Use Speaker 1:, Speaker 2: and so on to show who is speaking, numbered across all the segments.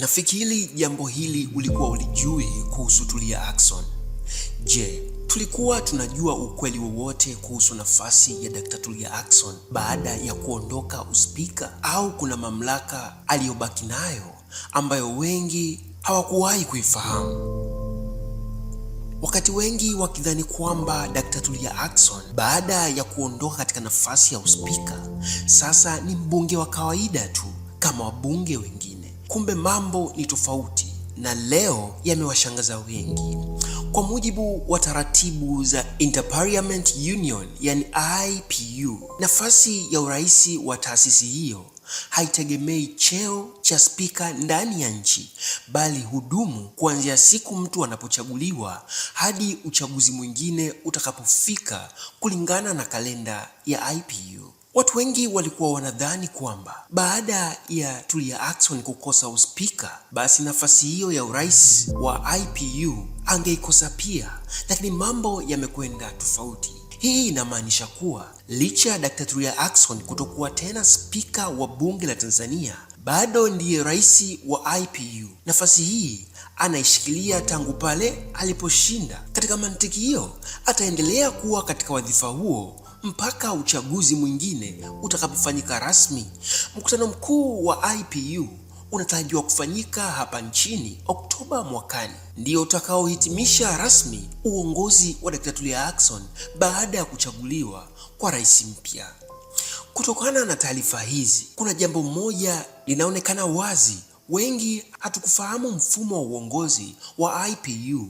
Speaker 1: Nafikiri jambo hili ulikuwa ulijui kuhusu Tulia Ackson. Je, tulikuwa tunajua ukweli wowote kuhusu nafasi ya Dkt. Tulia Ackson baada ya kuondoka uspika, au kuna mamlaka aliyobaki nayo ambayo wengi hawakuwahi kuifahamu? Wakati wengi wakidhani kwamba Dkt. Tulia Ackson baada ya kuondoka katika nafasi ya uspika sasa ni mbunge wa kawaida tu kama wabunge wengine. Kumbe mambo ni tofauti na leo yamewashangaza wengi. Kwa mujibu wa taratibu za Interparliament Union, yani IPU, nafasi ya urais wa taasisi hiyo haitegemei cheo cha spika ndani ya nchi, bali hudumu kuanzia siku mtu anapochaguliwa hadi uchaguzi mwingine utakapofika kulingana na kalenda ya IPU. Watu wengi walikuwa wanadhani kwamba baada ya Tulia Ackson kukosa uspika, basi nafasi hiyo ya urais wa IPU angeikosa pia, lakini mambo yamekwenda tofauti. Hii inamaanisha kuwa licha ya Dr. Tulia Ackson kutokuwa tena spika wa bunge la Tanzania, bado ndiye rais wa IPU. Nafasi hii anaishikilia tangu pale aliposhinda. Katika mantiki hiyo, ataendelea kuwa katika wadhifa huo mpaka uchaguzi mwingine utakapofanyika rasmi. Mkutano mkuu wa IPU unatarajiwa kufanyika hapa nchini Oktoba mwakani, ndio utakaohitimisha rasmi uongozi wa Dkt. Tulia Ackson baada ya kuchaguliwa kwa rais mpya. Kutokana na taarifa hizi, kuna jambo moja linaonekana wazi Wengi hatukufahamu mfumo wa uongozi wa IPU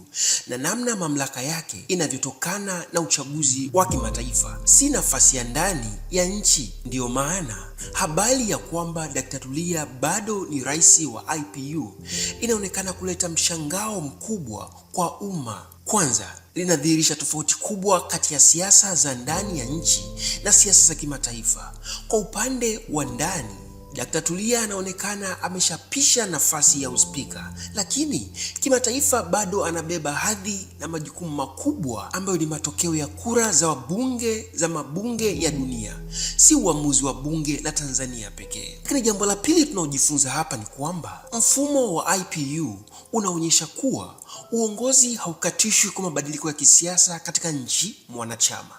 Speaker 1: na namna mamlaka yake inavyotokana na uchaguzi wa kimataifa, si nafasi ya ndani ya nchi. Ndiyo maana habari ya kwamba Dkt. Tulia bado ni rais wa IPU inaonekana kuleta mshangao mkubwa kwa umma. Kwanza, linadhihirisha tofauti kubwa kati ya siasa za ndani ya nchi na siasa za kimataifa. Kwa upande wa ndani Dkt. Tulia anaonekana ameshapisha nafasi ya uspika, lakini kimataifa bado anabeba hadhi na majukumu makubwa ambayo ni matokeo ya kura za wabunge za mabunge ya dunia, si uamuzi wa bunge la Tanzania pekee. Lakini jambo la pili tunaojifunza hapa ni kwamba mfumo wa IPU unaonyesha kuwa uongozi haukatishwi kwa mabadiliko ya kisiasa katika nchi mwanachama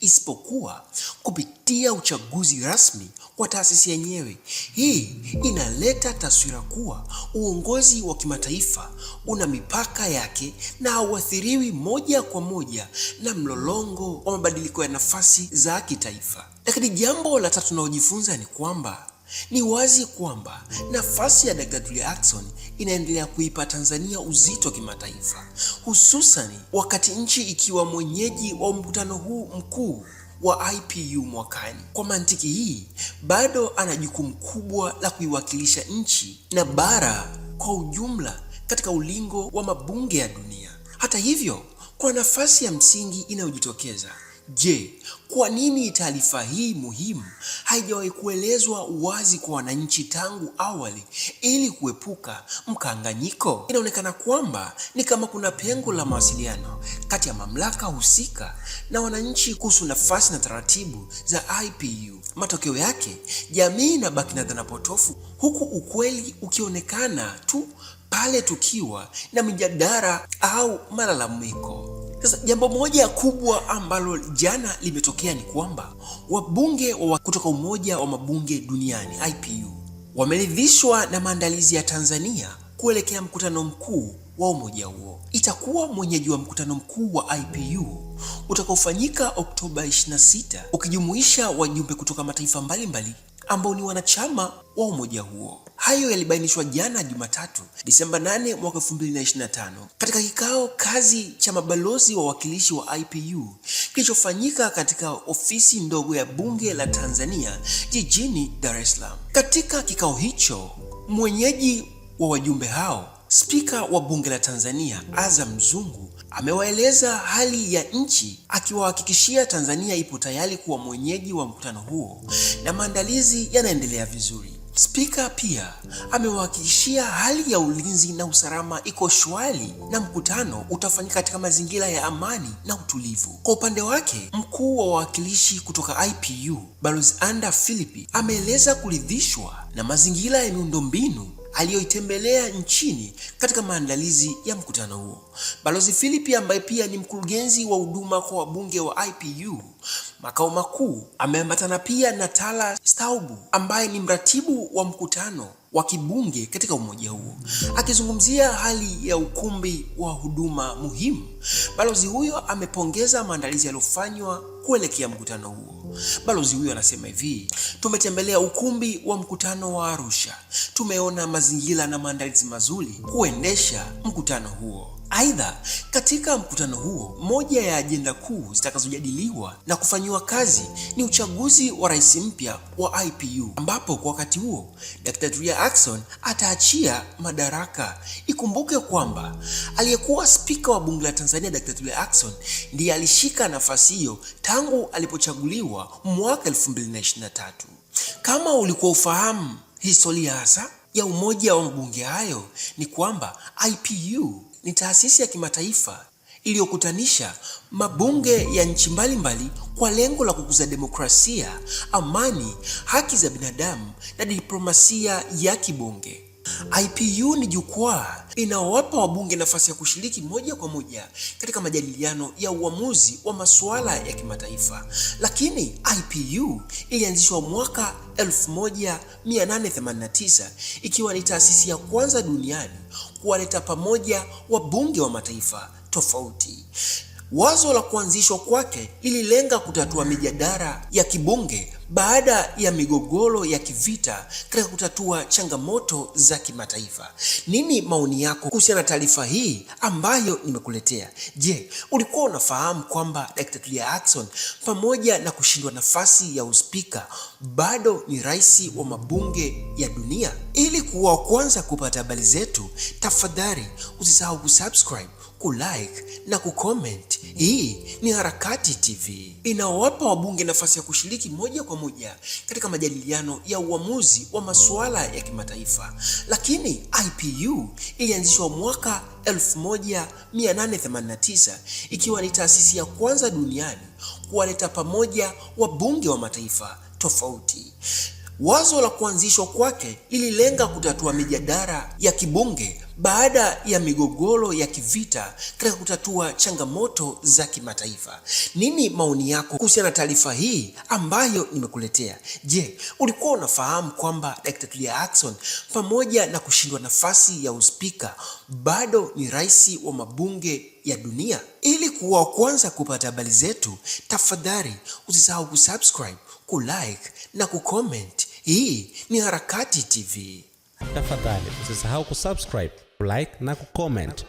Speaker 1: isipokuwa kupitia uchaguzi rasmi kwa taasisi yenyewe. Hii inaleta taswira kuwa uongozi wa kimataifa una mipaka yake na hauathiriwi moja kwa moja na mlolongo wa mabadiliko ya nafasi za kitaifa. Lakini jambo la tatu tunalojifunza ni kwamba ni wazi kwamba nafasi ya Dkt. Tulia Ackson inaendelea kuipa Tanzania uzito kimataifa, hususan wakati nchi ikiwa mwenyeji wa mkutano huu mkuu wa IPU mwakani. Kwa mantiki hii, bado ana jukumu kubwa la kuiwakilisha nchi na bara kwa ujumla katika ulingo wa mabunge ya dunia. Hata hivyo, kwa nafasi ya msingi inayojitokeza Je, kwa nini taarifa hii muhimu haijawahi kuelezwa wazi kwa wananchi tangu awali ili kuepuka mkanganyiko? Inaonekana kwamba ni kama kuna pengo la mawasiliano kati ya mamlaka husika na wananchi kuhusu nafasi na taratibu za IPU. Matokeo yake, jamii inabaki na dhana potofu, huku ukweli ukionekana tu pale tukiwa na mijadala au malalamiko. Sasa jambo moja kubwa ambalo jana limetokea ni kwamba wabunge wa kutoka umoja wa mabunge duniani IPU wameridhishwa na maandalizi ya Tanzania kuelekea mkutano mkuu wa umoja huo. Itakuwa mwenyeji wa mkutano mkuu wa IPU utakaofanyika Oktoba 26 ukijumuisha wajumbe kutoka mataifa mbalimbali mbali ambao ni wanachama wa umoja huo. Hayo yalibainishwa jana Jumatatu, Disemba 8 mwaka 2025 katika kikao kazi cha mabalozi wa wakilishi wa IPU kilichofanyika katika ofisi ndogo ya bunge la Tanzania jijini Dar es Salaam. Katika kikao hicho, mwenyeji wa wajumbe hao, spika wa bunge la Tanzania Azam Zungu amewaeleza hali ya nchi akiwahakikishia Tanzania ipo tayari kuwa mwenyeji wa mkutano huo na maandalizi yanaendelea vizuri. Spika pia amewahakikishia hali ya ulinzi na usalama iko shwari na mkutano utafanyika katika mazingira ya amani na utulivu. Kwa upande wake, mkuu wa wawakilishi kutoka IPU Balozi Anda Philip ameeleza kuridhishwa na mazingira ya miundombinu aliyoitembelea nchini katika maandalizi ya mkutano huo. Balozi Philip ambaye pia ni mkurugenzi wa huduma kwa wabunge wa IPU makao makuu, ameambatana pia na Tala Staubu ambaye ni mratibu wa mkutano wa kibunge katika umoja huo. Akizungumzia hali ya ukumbi wa huduma muhimu, balozi huyo amepongeza maandalizi yaliyofanywa kuelekea mkutano huo. Balozi huyo anasema hivi: tumetembelea ukumbi wa mkutano wa Arusha, tumeona mazingira na maandalizi mazuri kuendesha mkutano huo. Aidha, katika mkutano huo, moja ya ajenda kuu zitakazojadiliwa na kufanyiwa kazi ni uchaguzi wa rais mpya wa IPU, ambapo kwa wakati huo Dkt. Tulia Ackson ataachia madaraka. Ikumbuke kwamba aliyekuwa spika wa bunge la Tanzania Dkt. Tulia Ackson ndiye alishika nafasi hiyo tangu alipochaguliwa mwaka 2023. Kama ulikuwa ufahamu historia hasa ya umoja wa mabunge hayo, ni kwamba IPU ni taasisi ya kimataifa iliyokutanisha mabunge ya nchi mbalimbali kwa lengo la kukuza demokrasia, amani, haki za binadamu na diplomasia ya kibunge. IPU ni jukwaa inawapa wabunge nafasi ya kushiriki moja kwa moja katika majadiliano ya uamuzi wa masuala ya kimataifa. Lakini IPU ilianzishwa mwaka 1889 ikiwa ni taasisi ya kwanza duniani kuwaleta pamoja wabunge wa mataifa tofauti. Wazo la kuanzishwa kwake lililenga kutatua mijadala ya kibunge baada ya migogoro ya kivita katika kutatua changamoto za kimataifa, nini maoni yako kuhusiana na taarifa hii ambayo nimekuletea? Je, ulikuwa unafahamu kwamba Dkt. Tulia Ackson pamoja na kushindwa nafasi ya uspika bado ni rais wa mabunge ya dunia? Ili kuwa kwanza kupata habari zetu, tafadhali usisahau kusubscribe kulike na kucomment. Hii ni Harakati TV inawapa wabunge nafasi ya kushiriki moja kwa pamoja katika majadiliano ya uamuzi wa masuala ya kimataifa, lakini IPU ilianzishwa mwaka 1889 ikiwa ni taasisi ya kwanza duniani kuwaleta pamoja wabunge wa mataifa tofauti. Wazo la kuanzishwa kwake lililenga kutatua mijadala ya kibunge baada ya migogoro ya kivita katika kutatua changamoto za kimataifa. Nini maoni yako kuhusiana na taarifa hii ambayo nimekuletea? Je, ulikuwa unafahamu kwamba Dr. Tulia Ackson pamoja na kushindwa nafasi ya uspika bado ni rais wa mabunge ya dunia? Ili kuwa wa kwanza kupata habari zetu, tafadhali usisahau kusubscribe kulike na kucomment. Hii ni Harakati TV. Tafadhali usisahau kusubscribe, kulike na kucomment.